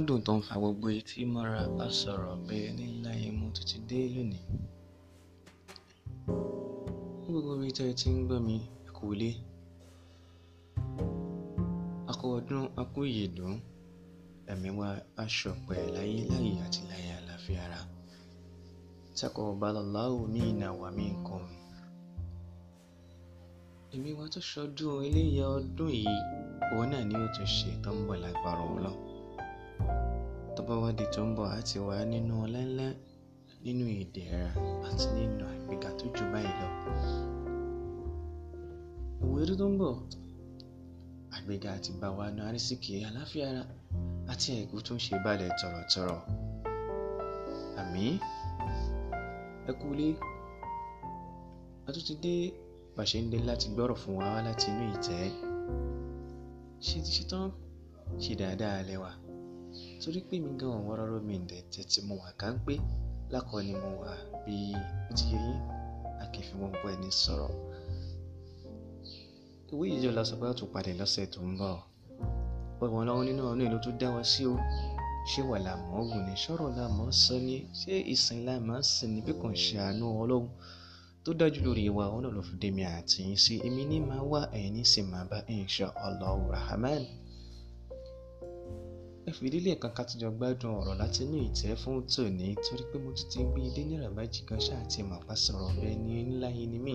aládùn tó ń fa gbogbo etí mọ́ra bá sọ̀rọ̀ pé nílá imú tó ti dé lónìí. ní gbogbo ibi tẹ́ ẹ ti ń gbọ́ mi ẹ kú ilé. a kú ọdún a kú ìyèdún ẹ̀mí wa a ṣọ̀pẹ̀ láyé láyé àti láyé àlàáfíà ara. taqabbalallahu minna wa minkum. èmi wa tó ṣọdún eléyà ọdún yìí òun náà ni ó tún ṣe tó ń bọ̀ lágbára ọlọ́run tó bá wá di tó ń bọ̀ á ti wà nínú ọlẹ́lẹ́ nínú ìdẹ̀ra àti nínú àgbéga tó jù báyìí lọ. ìwérí tó ń bọ̀ àgbéga àti báwa nu arísìkì àláfíà ara àti ẹ̀kú tó ń ṣe balẹ̀ tọ̀rọ̀tọ̀rọ̀ àmì ẹ kú a tún ti dé bàṣẹ ń dé láti gbọ́rọ̀ fún wa láti inú ìtẹ́ ṣe ti ṣe tán ṣe dáadáa lẹ́wà torí pé mi gan àwọn rárá mi ǹdẹ̀ jẹ́ tí mo wà ká ń pé lákọ̀ọ́ ni mo wà bí ó ti yẹ yín a kì í fi wọn bọ ẹni sọ̀rọ̀ ìwé ìjọ la sọ pé a tún padà lọ́sẹ̀ tó ń bọ̀ ọgbọ̀n lọ́wọ́ nínú ọ̀nà ìlú tó dá wa sí o ṣé wà là mọ́ wù ní sọ̀rọ̀ là mọ́ sọ ni ṣé ìsìn là mọ́ sìn bí kàn ṣe àánú ọlọ́run tó dájú lórí ìwà ọ̀nà ló mi àti sí èmi ní máa wá ẹ̀yìn ní sì máa bá insha Allahu rahman ẹ fìdí lé ẹ̀kan ká tún jọ gbádùn ọ̀rọ̀ láti inú ìtẹ́ fún tòní torí pé mo tún ti gbé ilé náírà méjì kan ṣáà ti mà pa sọ̀rọ̀ rẹ ní ńlá yìí ni mí.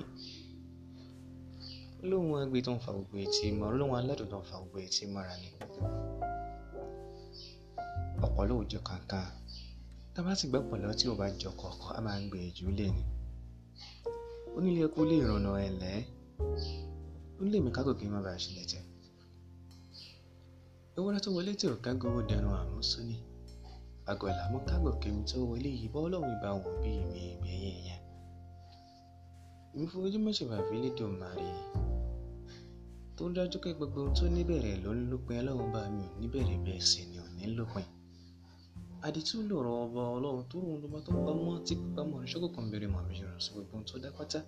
olóhùn agbe tó ń fa gbogbo etí mọ́ olóhùn aládùn tó ń fa gbogbo etí mọ́ra ni. ọ̀pọ̀ ló jọ kankan tá a bá sì gbẹ́pọ̀ lọ tí ò bá jọ kọ̀ọ̀kan a máa ń gbé ìjú lé ni. onílé ẹkú lè rànà ẹ̀lẹ́ ó lè mí kágò kí ewúrẹ́ tó wọlé tí ò kágo owó dẹrùn àrùn sún ni àgọ̀là mú kágo kèmí tó wọlé yìí bọ́ ọlọ́run ìbá wọn bí mi ìgbẹ̀yìn ìyẹn ìfowójúmọ́ ṣèbàfí lédò màrí tó dájú pé gbogbo ohun tó níbẹ̀rẹ̀ ló ń lópin ọlọ́run bá mi ò níbẹ̀rẹ̀ bẹ́ẹ̀ sì ni ò ní lópin àdìtú lọ̀rọ̀ ọba ọlọ́run tó rún lọ́ba tó pa mọ́ tí pípa mọ́ ṣọ́kò kan bèrè mọ́ àbíyọ̀rọ̀ sí gbogbo ohun tó dá pátá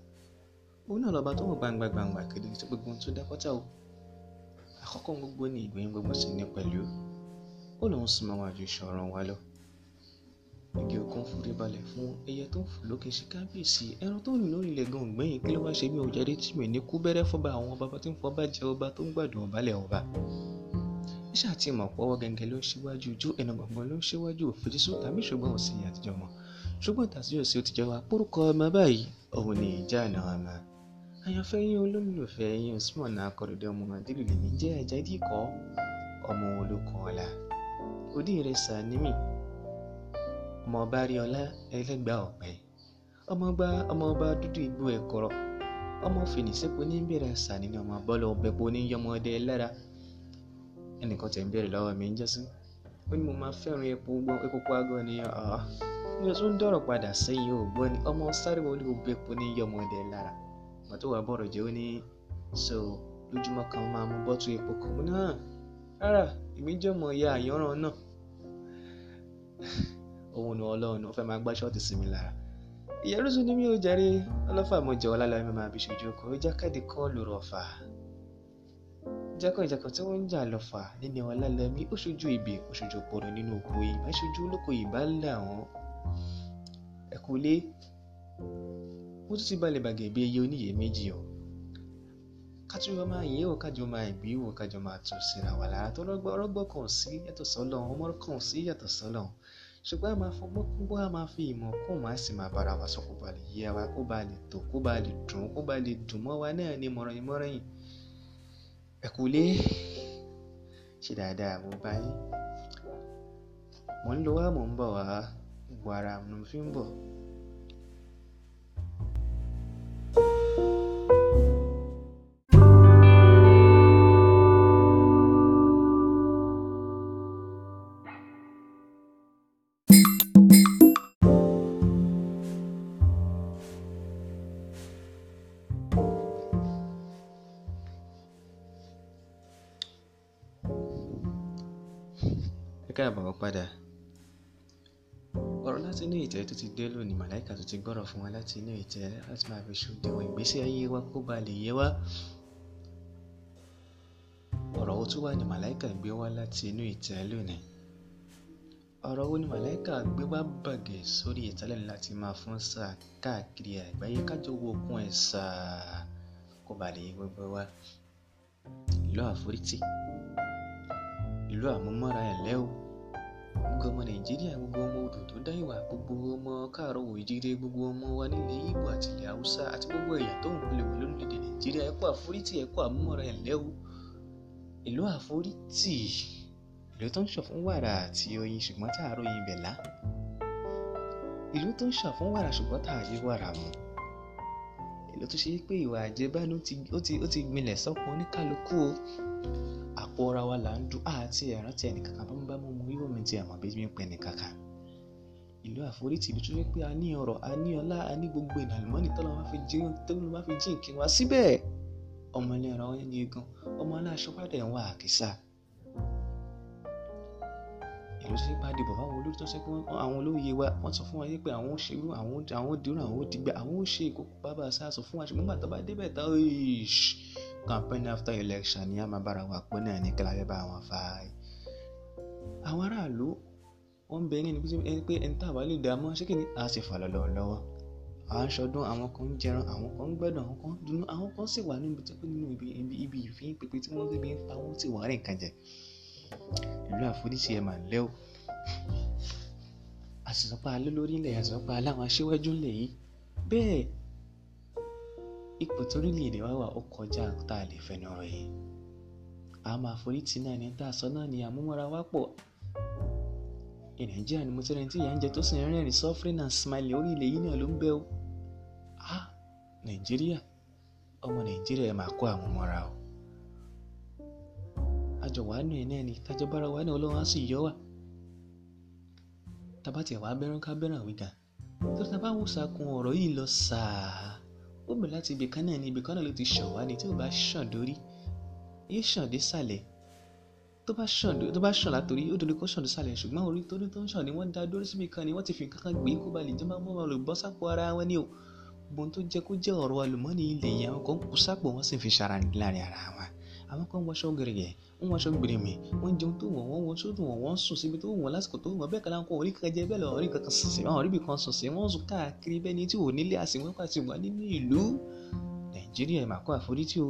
òun náà lọ́ba tó wọ̀ gbangba gbangba kedere sí gbogbo ohun tó dá pátá o àkọ́kọ́ gbogbo ní ìgbẹ̀yìn gbogbo sì ní pẹ̀lú ó lòun súnmọ́ wá ju ṣọ̀ràn wa lọ igi òkun forí balẹ̀ fún ẹyẹ tó fò lókè sí kábíyèsí ẹran tó rìn lórí ilẹ̀ gan gbẹ̀yìn kí ló wá ṣe mí ò jáde tí mi ní kú bẹ́rẹ́ fọba àwọn bàbá tí ń fọba jẹ ọba tó ń gbàdùn ọ̀bálẹ̀ ọba iṣẹ́ àti ìmọ̀ pọ̀wọ́ gẹ́gẹ́ ló ń ṣíwájú ojú ẹnu gbọ̀ngàn ló ń ṣíwájú òfin jésù tàbí ṣùgbọ́n òsì àtijọ́ mọ́ ṣùgbọ́n tàbí òsì ó ti jẹ́ wa pórúkọ ọmọ báyìí òun ni ìjà náà máa àyànfẹ́ yín olólùfẹ́ yín Usman akọ̀ròdé ọmọ àdìrò lèmi jẹ́ ẹ̀jẹ̀ díkọ́ ọmọ olókun ọ̀la òdì rẹ̀ sànímì ọmọ ọba rí ọlá ẹlẹ́gbà ọ̀pẹ ọmọọba ọmọọba dúdú igbó ẹ̀kọ́rọ̀ ọmọ fèrèsépò ní bẹ̀rẹ̀ sàní ni ọmọ bọ́lọ̀ ọ̀bẹ̀pọ̀ ní yọmọdé lára ẹnìkan tẹ̀ ń bẹ̀rẹ̀ lọ́wọ́ mi ń jẹ́sí ó ní mo máa fẹ́ràn epo gbọ́n epo pa gan ni ọ̀ọ́ mi ò tún dọ̀rọ̀ padà sẹ́yìn ògbọ́n ni ọmọ sáré wọlé ọ̀bẹ̀pọ̀ ní yọmọdé lára ìgbà tó wà bọ̀rọ̀ jẹ́ ó ní so lójúmọ́ kan máa mú bọ́tù epo kan mo náà rárá èmi jẹ́ ọmọ ìyá àyànràn náà òun nu ọlọ́run ó fẹ́ máa gbá ṣọ́ọ̀tì sí mi lára ìyẹ́rú sùn ni mi ò jẹ́rí ọlọ́fà mo jẹ́ ọlálára mi máa bí ṣojú ọkọ̀ ó jákàdé kọ́ọ̀lù rọ̀fà jákàjákà tí wọ́n ń jà lọ́fà nínú ọlálára mi ó ṣojú ibè ó ṣojú pọ̀nà nínú oko ìbá ṣojú olóko ìbá là wọ́n ẹ̀kúlé mo tún ti balẹ̀ bàgẹ̀ bí eye oníyè méjì o kájọ máa yẹ o kájọ máa gbé o kájọ máa tún síra wà lára tó rọgbọ rọgbọ kàn sí yàtọ̀ sọ́lọ̀ ọmọ kàn sí yàtọ̀ sọ́lọ̀ ṣùgbọ́n a máa fọgbọ́n púpọ̀ a máa fi ìmọ̀ kún máa sì máa bára wa sọ kó ba lè yé wa kó ba lè tó kó ba lè dùn kó ba lè dùn mọ́ wa náà ní mọ̀rọ̀ ìmọ̀ràn ẹ kú lé ṣe dáadáa mo bá yín mò ń lọ wá mò ń bọ̀ wá gbọ́ ara mo fi ń bọ̀. káàbọ̀ padà ọ̀rọ̀ láti inú ìtẹ́ tó ti dé lónìí màláìka tó ti gbọ́rọ̀ fún wa láti inú ìtẹ́ láti máa fi ṣòdiwọ̀n ìgbésí ayé wa kó ba lè yé wa ọ̀rọ̀ wo tún wà ní màláìka gbé wá láti inú ìtẹ́ lónìí ọ̀rọ̀ wo ni màláìka gbé wá bàgẹ̀ sórí ìtẹ́ lónìí láti máa fún sáà káàkiri àgbáyé kájọ wo okun ẹ̀ sáà kó ba lè yé gbogbo wa ìlú àforítì ìlú àmúmọ́ra ẹ̀lẹ́ o gbogbo ọmọ nàìjíríà gbogbo ọmọ odò tó dá ìwà gbogbo ọmọ káàárọ̀ òjíire gbogbo ọmọ wa nílẹ̀ ibo àti ilẹ̀ haúsá àti gbogbo ẹ̀yà tó ń kulè wọ lórílẹ̀‐èdè nàìjíríà ẹ kú àforítì ẹ kú àmúmọ́ra ẹ̀ lẹ́wọ́ ìlú àforítì ìlú tó ń ṣọ̀fún wàrà àti oyin ṣùgbọ́n tá a róyin bẹ̀ lá ìlú tó ń ṣọ̀fún wàrà ṣùgbọ́n tá a yí wàrà mu ìlú tó ṣe pé ìwà àjẹbánu ó ti gbinlẹ̀ sọ́kun oníkálukú o ọ̀rọ̀ wa là ń dùn àti ẹ̀rántí ẹnìkankan bá ń bá mú yóò mi ti àmọ́ bí mi ń pẹ́ nìkankan ìlú àforítì ibi tó yẹ pé a ní ọrọ̀ a ní ọlá a ní gbogbo ìdàlùmọ́nì tọ́lọ́ máa fi jí tọ́lọ́ máa fi jí nǹkan wá síbẹ̀ ọmọ ilé ọ̀rọ̀ wọn ní egan ọmọ aláṣọ padà ń wá àkísà ìlú tó yẹ pé adìbò báwọn olórí tó ṣe pé àwọn olóyè wa wọ́n sọ fún wa yé pé àwọn ò ṣerú àwọn ò dirú àwọn ò dìgbà àwọn ò ṣe ìkókó bàbá sáà sọ fún wa ṣùgbọ́n bàtà bá débẹ̀ tá campaign after election ní àmà bára wa pé náà ní kíláàbẹ bá wọn fà á àwọn aráàlú wọn bẹ ní ẹni pé ẹni tá a bá lè dààmú ṣé kí ni a sì fà lọ́lọ́ lọ́wọ́ à ń ṣọdún àwọn kan ń jẹran àwọn kan ń gbẹ́dọ̀ àwọn kan ń dunú àwọn kan sì wà níbi tó pé nínú ibi ibi ìfín pèpè tí wọ́n fi bí ń fa owó tí wàá rìn kan jẹ ìlú àforíṣi ẹ̀ máa ń o àṣìṣọ́pá alẹ́ lórí ilẹ̀ àṣìṣọ́pá aláwọn aṣíwájú ńlẹ̀ yìí bẹ́ẹ̀ ipò torílẹ̀-èdè wa wà ó kọjá tá a lè fẹnu rọ̀ yìí a máa forí tì náà ní tá ni àmúmọ́ra wa pọ̀ ní nàìjíríà ni mo ti rẹni tí ìyà ń jẹ tó sì ń rẹ́rìn suffering and smile orí o ah nàìjíríà ọmọ nàìjíríà ẹ máa kó o àjọ wàá ni tájọ bára wa náà ọlọ́run á sì yọ wà tabátì ẹ̀ wá ká bẹ́ràn tó lọ ó bẹ̀rẹ̀ láti ibì kan náà ni ibì kan náà ló ti ṣàn wá ni tí ò bá ṣàn dórí yóò ṣàn dé sàlẹ̀ tó bá ṣàn tó bá ṣàn látòrí ó dòdò kó ṣàn dé sàlẹ̀ ṣùgbọ́n orí tó ní tó ń ṣàn ni wọ́n dá dúró síbi kan ni wọ́n ti fi nǹkan kan gbé kó ba lè jẹ́ máa bọ́ lè bọ́ sápò ara wọn ni o gbọ́n tó jẹ́ kó jẹ́ ọ̀rọ̀ àlùmọ́ọ́nì ilẹ̀ yẹn àwọn kan kú sápò wọ́n sì fi ṣara láàrin ara wọn àwọn kan wọṣọ gẹ̀rẹ̀gẹ̀ ń wọṣọ gbèrèmì wọ́n jẹun tó wọ̀ wọ́n wọṣọ tó wọ̀ wọ́n sùn síbi tó wọ̀ lásìkò tó wọ̀ bẹ́ẹ̀ kan láǹkó orí kankan jẹ bẹ́ẹ̀ lọ orí kankan sùn sí wọn orí bìkan sùn sí wọn sùn káàkiri bẹ́ẹ̀ ni tí ò nílé àsìwọ́n pàṣẹ wọn nínú ìlú nàìjíríà ìmàkọ́ àforítì o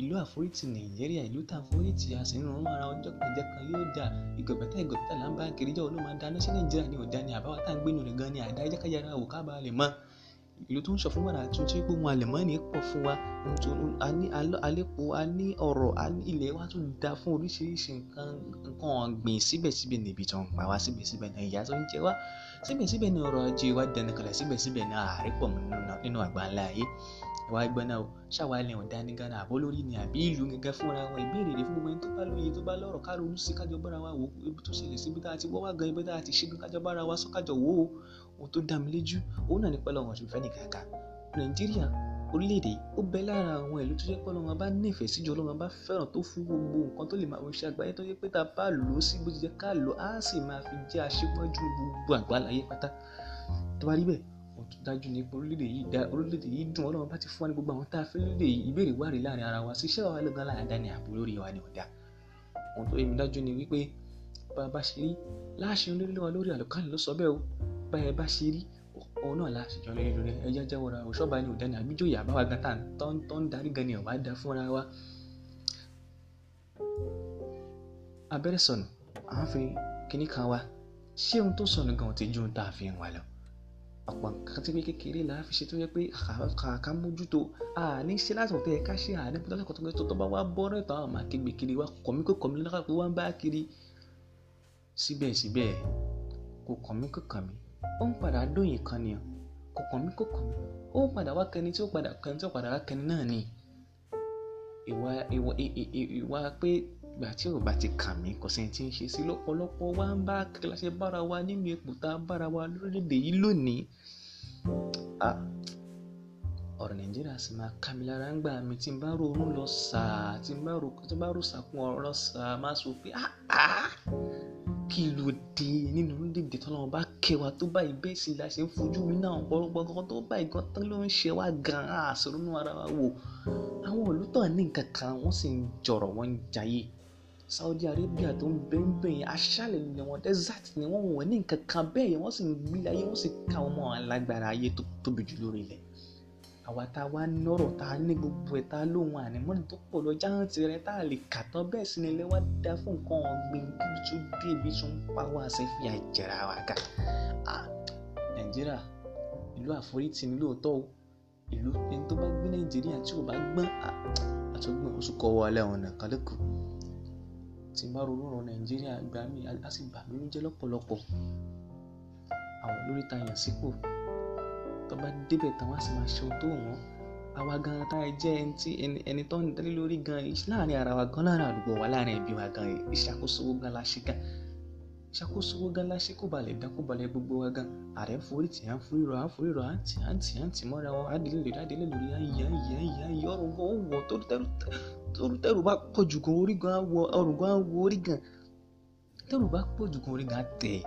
ìlú àforítì nàìjíríà ìlú tá àforítì àsìnrún ọmọ ara ọjọ́ kẹjẹ kan yóò dà ìgọ̀bẹ̀tà ìgọ̀bẹ̀tà là ń bá kiri jọ olóòmà dáná sí nàìjíríà ni ò dání àbáwá tá à ń gbénu rẹ̀ gan ni àdá ẹjẹ́ kájára wò lè mọ́ ìlú tó ń sọ fún wàrà tuntun pé ohun àlẹ̀mọ́nì pọ̀ fún wa a ní alẹ́pọ̀ a ní ọ̀rọ̀ a ní ilẹ̀ wa tún da fún oríṣiríṣi nǹkan nǹkan ọ̀gbìn síbẹ̀síbẹ̀ níbi tó ń pa wá síbẹ̀síbẹ̀ náà ìyà tó ń jẹ wá síbẹ̀síbẹ̀ ní ọrọ̀ ajé wa dẹnu kalẹ̀ síbẹ̀síbẹ̀ náà àárẹ̀pọ̀ nínú àgbáńlá ayé ìwà ẹgbẹ́ náà ṣàwá ọ̀dá ní Ghana àbó lórí ni àbí ìlú gẹ́gẹ́ fúnra wọn ìbéèrè rẹ̀ fún gbogbo ẹni tó bá lóye tó bá lọ́rọ̀ káàró ń sí kájọ bára wa wò ibi tó ṣẹlẹ̀ síbi tá a ti wọ́ gan ibi tá a ti ṣe kájọ bára wa sọ kájọ wò ó ohun tó dá mi lójú òun náà ní pé Ọlọ́run ọ̀sùn fẹ́ni kàkà Nàìjíríà orílẹ̀-èdè ó bẹ lára àwọn ìlú tó jẹ́ pé Ọlọ́run bá nífẹ̀ẹ́ síjọ Ọlọ́run bá fẹ́ràn tó fún gbogbo nǹkan tó lè máa ṣe àgbáyé tó jẹ́ pé tá a bá lò ó sí bó ti jẹ́ ká lò á sì máa fi jẹ́ aṣíwájú gbogbo àgbáláyé pátá tó bá rí bẹ́ẹ̀ ohun tó dájú ni pé orílẹ̀-èdè yìí dá orílẹ̀-èdè yìí dùn Ọlọ́run bá ti fún wa ní gbogbo àwọn tá a fẹ́ lórílẹ̀ yìí ìbéèrè wà rí láàrin ara wa ṣiṣẹ́ wa lọ́gán láàdá ni àbò lórí bẹ́ẹ̀ bá ṣe rí òun náà la ṣèjọ lórí lórí ẹjẹ jẹ́wọ́ ra òṣọ́ba ni òdẹ́ni àbíjòyè àbáwá gan tán tó ń darí gan ni ọ̀wá da fúnra wa. abẹ́rẹ́ sọnù à ń fi kinní kan wa ṣé ohun tó sọnù gan ti ju ohun tá a fi hàn wá lọ. ọ̀pọ̀ nǹkan tí pé kékeré là á fi ṣe tó yẹ pé kàkà mójútó a ní ṣe láti ọ̀tẹ̀ ká ṣe àdé pẹ̀lú ọ̀tọ̀ tó tó bá wá bọ́ rẹ̀ àwọn máa kiri wa kọ̀mí kó kọ̀mí lọ́kàkú wá ń bá ó ń padà dóyìn kan ni kò kàn mí kò kàn mí ó ń padà wá kẹni tí ó padà kẹni tí ó padà wá kẹni náà ni ìwà ìwà ìwà pé ìgbà tí ò bá ti kàn mí kò sẹ́ni tí ń ṣe sí lọ́pọ̀lọpọ̀ wá ń bá kíláṣẹ bára wa nínú ipò tá a bára wa lórílẹ̀‐èdè yìí lónìí ọ̀rọ̀ nàìjíríà sì máa ká mi lára ń gbà mí tí n bá ronú lọ sàá tí n bá ro tí n bá ro sàkún ọ̀rọ̀ sàá máa sọ pé kí ló dé nínú orílẹ̀-èdè tọ́lọ́mọ kẹwàá tó báyìí bẹ́ẹ̀ sì la ṣe ń fojú mi náà ọ̀pọ̀lọpọ̀ kan tó báyìí gan tán ló ń ṣe wá gan àṣírí inú ara wa wò àwọn ìlú ní nǹkan kan wọ́n sì ń jọ̀rọ̀ wọ́n ń jayé Saudi Arabia tó ń bẹ́ẹ̀ bẹ́ẹ̀ aṣálẹ̀ ni wọ́n desert ni wọ́n wọ̀ ní nǹkan kan bẹ́ẹ̀ wọ́n sì ń gbé ayé wọ́n sì ká ọmọ alágbára ayé tóbi jù lórí ilẹ̀ àwa tá a wá nọ̀rọ̀ tá a ní gbogbo ẹ̀ tá a lóhun ànímọ́ni tó pọ̀ lọ jáǹtì rẹ tá a lè kà tán bẹ́ẹ̀ sì ni ilé wa dá fún nǹkan ọ̀gbìn bí tó dé ibi tó ń pa wá ṣe fi àjẹrà wa ká nàìjíríà ìlú àforítì ni lóòótọ́ o ìlú ẹni tó bá gbé nàìjíríà tí ò bá gbọ́n àtúgbọ̀n oṣù kọ́ wọlé ọ̀nà kan lẹ́kọ̀ọ́ tí bá ronú ọ̀rọ̀ nàìjíríà gbà mí á sì bà mí lóúnjẹ́ lọ́pọ̀lọpọ̀ àwọn olórí ta sípò tó bá débẹ̀ tán wá sì máa ṣe ohun tó wọ́n àwa gan tá a jẹ́ ẹni tí ẹni tó ń délé lórí gan láàrin ara wa gan láàrin àdúgbò wa láàrin ẹbí wa gan ìṣàkóso gan la ṣe gan ìṣàkóso gan la ṣe kó balẹ̀ dá kó balẹ̀ gbogbo wa gan ààrẹ forí tì á forí rọ á forí rọ á tì á tì á tì mọ́ra wa á délé lórí á lórí á yẹ yẹ yẹ yẹ ọrùn ó wọ̀ tó bá pọ̀ jù gan orí gan á wọ ọrùn á wọ orí gan tẹ́rù bá pọ̀ jù gan orí gan á tẹ̀ ẹ́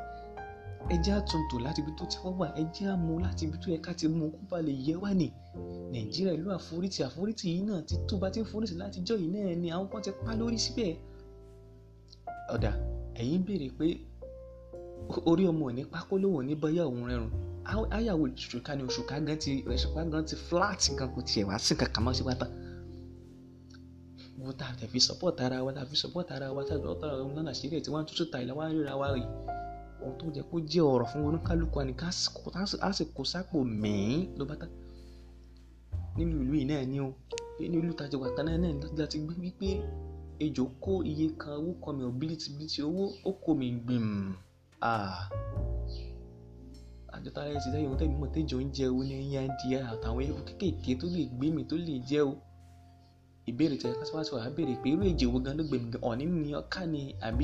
ẹjẹ́ àtúntò láti ibi tó ti wọ́n wà ẹjẹ́ àmú láti ibi tó yẹ ká ti mú kó ba lè yẹ wá ní nàìjíríà ìlú àforítì àforítì yìí náà ti tó bá ti forítì láti jọ yìí náà ni àwọn kan ti pa lórí síbẹ̀ ọ̀dà ẹ̀yin béèrè pé orí ọmọ òní pákólówó ní bọ́yá òun rẹrùn ayàwó ṣùkà ni òṣùkà gan ti ṣùkà gan ti fúláàtì gan kò tiẹ̀ wá sí kankan mọ́ sí pátá wo ta fi support ara wa ta fi support ara wa ta lọ́tọ̀ ọ̀rọ̀ náà nàìjíríà tí wọ́n ń tútù ta ìlà wa ń ríra wa rèé ọ̀rọ̀ tó jẹ́ kó jẹ́ ọ̀rọ̀ fún oníkálukú àní ká sì kó sápò mìín ló bá tán nínú ìlú yìí náà ni o nínú ìlú tajà wà tán náà náà láti gbé wípé ejò kó iye kan owó kọ mi ò bílítìbílítì owó ó kó mi gbìm àjọ tá a lè ṣe dáyọ̀ wọn tẹ̀mí mọ̀ tẹ́jọ́ ń jẹ́ oní ẹ̀yìn adìẹ àtàwọn ẹ̀rọ kéékèèké tó lè gbé mi tó lè jẹ́ o ìbéèrè tẹ̀lé kásáwáṣọ àbèrè pé irú èjì wo gan ló gbẹ̀mí gan ọ̀ní ni ọ̀ká ni àbí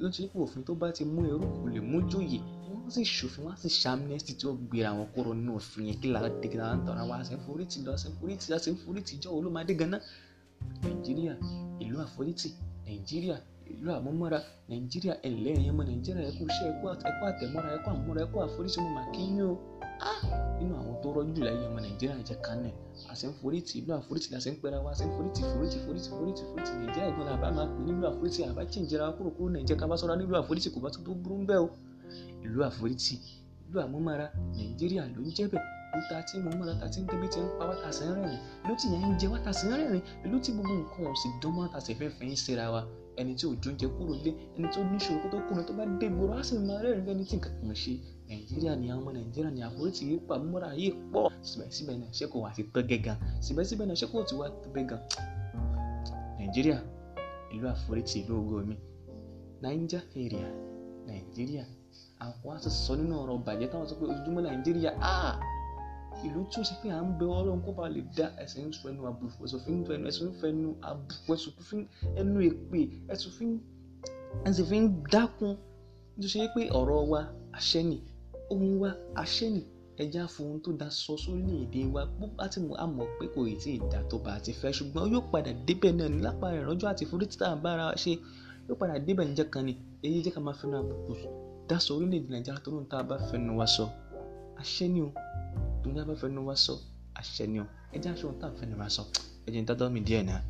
nítorí pé òfin tó bá ti mú ẹrú kò lè mú jòyè wọ́n sì ṣòfin wọ́n sì ṣàmìnẹ́sì tí ó gbéra wọn kúrò nínú òfin yẹn kí làwọn tẹ̀kí làwọn tọ̀ra wa ṣe ń forítì lọ ṣe ń forítì lọ ṣe ń forítì jọ olómadé ganan nàìjíríà ìlú àforítì nàìjíríà ìlú àmúmọ́ra nàìjíríà ẹ̀lẹ́yìn ọmọ nàìjíríà ẹ̀kú iṣẹ́ ẹ̀kú àtẹ̀mọ́ra ẹ̀kú àmúmọ́ra ẹ̀kú àforítì mo mà nínú àwọn tó rọ́jú jù láyé ọmọ nàìjíríà jẹ́ kánẹ̀ àṣẹ ń forítì ìlú àforítì làṣẹ ń pẹ́ra wa àṣẹ ń forítì forítì forítì forítì forítì nàìjíríà ìgbọ́n la bá máa pè nílùú àforítì àbá tí ń jẹra kúrò kúrò nàìjíríà ká bá sọ́ra nílùú àforítì kò bá tó tó burú ń bẹ́ o ìlú àforítì ìlú àmúmára nàìjíríà ló ń jẹ́ bẹ̀ ló ta tí mo mọ́ra ta tí ń tẹ́bí ti ń pa wá ta sí ń rẹ̀rìn ló ti yẹn ń jẹ wá ta sí ń rẹ̀rìn ló ti gbogbo nǹkan ò sì dán mọ́ ta sì ń ṣera wa ẹni tí òjò ń kúrò lé ẹni tó níṣòro kó tó kùnà tó bá dé ìgboro á sì máa rẹ́rìn-ín fẹ́ni tí nǹkan kan ṣe nàìjíríà ni àwọn ọmọ nàìjíríà ni àforítì yìí pa múra yìí pọ̀ síbẹ̀síbẹ̀ náà ṣé kò wá ti tán gẹ́gàn síbẹ̀síbẹ̀ náà ṣé kò ti wá tán gẹ́gàn nàìjíríà ìlú àforítì ìlú ògo mi naija area nàìjíríà àwọn á ti sọ nínú ọ̀rọ̀ bàjẹ́ táwọn sọ pé ojúmọ́ nàìjíríà áà ah, ìlú tí ó ṣe pé à ń bẹ ọlọ́run kó ba lè dá ẹ̀sìn ń fẹnu àbùkù ẹ̀sùn fi ń fẹnu ẹ̀sùn fi ń fẹnu àbùkù ẹ̀sùn fi ń ẹnu èpè ẹ̀sùn fi ń ẹ̀sùn fi ń dákun tó ṣe pé ọ̀rọ̀ wa àṣẹ ohun wa àṣẹ́nì ẹja fohun tó da sọ sórílẹ̀-èdè wa gbogbo àti àmọ̀ pé kò ì tí ì dà tó bá àti fẹ́ ṣùgbọ́n yóò padà débẹ̀ náà ní lápá ìrànjú àti forí títà bára ṣe yóò padà débẹ̀ níjẹ́ kan ni èyí jẹ́ ká máa fẹ́ràn àbùkù dá sọ orílẹ̀-èdè nàìjíríà tó lóun tá bá fẹ́nu wa sọ àṣẹ o tó ń bá fẹ́nu wa sọ àṣẹ o ẹja ṣe ohun tá a fẹ́nu wa sọ ẹ̀jẹ̀ ń dádọ́ mi díẹ̀ náà.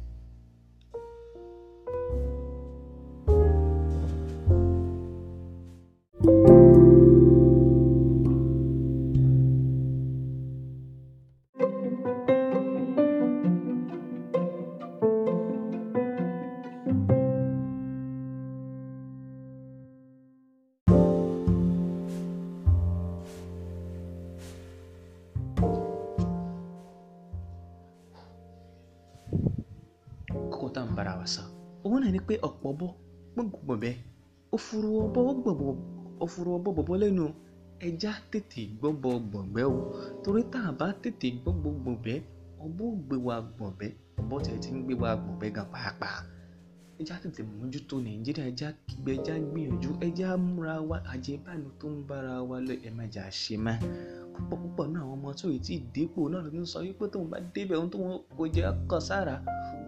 òun náà ni pé ọ̀pọ̀ bọ́ gbọ̀ngbọ̀nbẹ́ òfurufú ọbọ̀ gbọ̀ngbọ̀ òfurufú ọbọ̀ bọ̀bọ̀ lẹ́nu ẹja tètè gbọ́bọ̀ gbọ̀ngbẹ́ o torí tá a bá tètè gbọ́bọ̀ gbọ̀ngbẹ́ ọbọ̀ ò gbé wa gbọ̀ngbẹ́ ọbọ̀ tẹ̀ ti ń gbé wa gbọ̀ngbẹ́ gan pàápàá ẹja tètè mójútó nàìjíríà ẹja kígbe ẹja gbìyànjú ẹja múra wa àjẹbánu tó ń bára wa lọ ẹ má jà ṣe má púpọ̀ púpọ̀ náà àwọn ọmọ tí ò tí ì dépò náà ló ń sọ wípé tóun bá débẹ̀ ohun tóun kò jẹ́ ọkọ̀ sára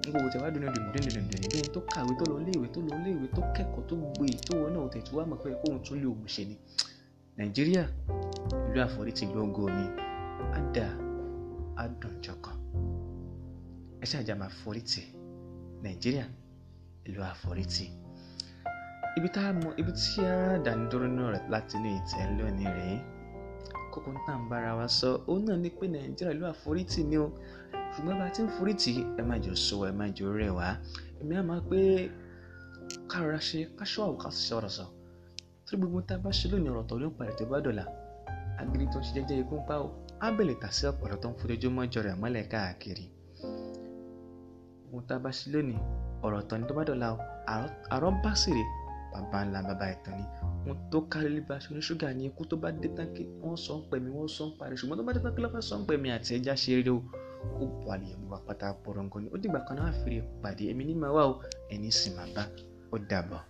n kò tẹ̀ wá dundun dundun dundun dundun bẹ́ẹ̀ tó kàwé tó lọ léèwé tó lọ léèwé tó kẹ́kọ̀ọ́ tó gboyè tó wọn náà tẹ̀ tó wá mọ̀ pé kóun tún lé òun ṣe ni nàìjíríà ìlú àforítì gbogbo ni á da adùnjọkan ẹ ṣáàjà máa forítì nàìjíríà ìlú àforítì ibi tá a mọ ibi náà láti ní ìtẹ́ ńlọ́ni rèé kókó tá à ń bára wa sọ òun náà ni pé nàìjíríà ló àforítì ni o ṣùgbọ́n bá a ti ń forítì ẹ má jò sọ ẹ má jò rẹ̀ wá èmi á máa pé kára ṣe káṣọ́ àwọn káṣọ́ ṣe ọ̀rọ̀ sọ tí gbogbo tá a bá ṣe lónìí ọ̀rọ̀ tó ló ń parí tó bá dọ̀là agiri tó ń ṣe jẹ́jẹ́ ikú ń pa o ábẹ̀lẹ̀ tà sí ọ̀pọ̀lọ́ tó ń fojoojúmọ́ jọ rẹ̀ mọ́lẹ̀ káàkiri gbogbo tá a bá ṣe lónìí ọ̀rọ̀ tó ní tó àrọ́ bá sì rèé bàbá ńlá bàbá ìtàn ni wọn tó kárí lílọ aṣọ ní ṣúgà ní ikú tó bá dé tán kí wọ́n sọ ń pẹ̀mí wọ́n sọ ń parí ṣùgbọ́n tó bá dé tán kí ló fẹ́ sọ ń pẹ̀mí àti ẹja ṣe eré o ó bu àlèyé gbogbo àpáta pọ̀rọ̀ nǹkan ni ó dìgbà kan náà fèrè pàdé èmi ní màá wà o ẹni sì máa bá ó dàbọ̀.